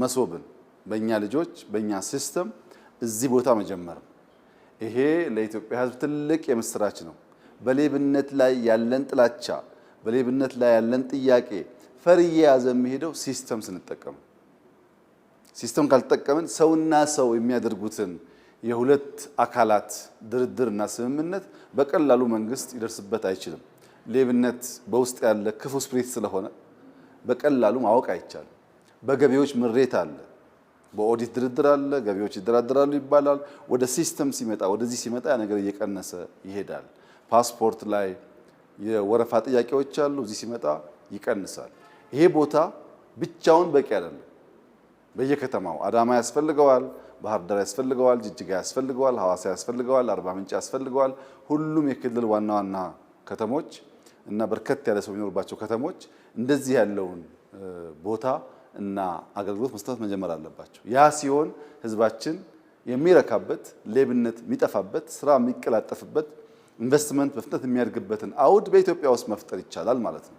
መሶብን በእኛ ልጆች በእኛ ሲስተም እዚህ ቦታ መጀመርም ይሄ ለኢትዮጵያ ሕዝብ ትልቅ የምስራች ነው። በሌብነት ላይ ያለን ጥላቻ፣ በሌብነት ላይ ያለን ጥያቄ ፈር እየያዘ የሚሄደው ሲስተም ስንጠቀም፣ ሲስተም ካልተጠቀምን ሰውና ሰው የሚያደርጉትን የሁለት አካላት ድርድርና ስምምነት በቀላሉ መንግስት ይደርስበት አይችልም። ሌብነት በውስጥ ያለ ክፉ ስፕሪት ስለሆነ በቀላሉ ማወቅ አይቻልም። በገቢዎች ምሬት አለ። በኦዲት ድርድር አለ። ገቢዎች ይደራደራሉ ይባላል። ወደ ሲስተም ሲመጣ ወደዚህ ሲመጣ ያ ነገር እየቀነሰ ይሄዳል። ፓስፖርት ላይ የወረፋ ጥያቄዎች አሉ። እዚህ ሲመጣ ይቀንሳል። ይሄ ቦታ ብቻውን በቂ አይደለም። በየከተማው አዳማ ያስፈልገዋል፣ ባህር ዳር ያስፈልገዋል፣ ጅጅጋ ያስፈልገዋል፣ ሐዋሳ ያስፈልገዋል፣ አርባ ምንጭ ያስፈልገዋል። ሁሉም የክልል ዋና ዋና ከተሞች እና በርከት ያለ ሰው የሚኖርባቸው ከተሞች እንደዚህ ያለውን ቦታ እና አገልግሎት መስጠት መጀመር አለባቸው። ያ ሲሆን ህዝባችን የሚረካበት፣ ሌብነት የሚጠፋበት፣ ስራ የሚቀላጠፍበት፣ ኢንቨስትመንት በፍጥነት የሚያድግበትን አውድ በኢትዮጵያ ውስጥ መፍጠር ይቻላል ማለት ነው።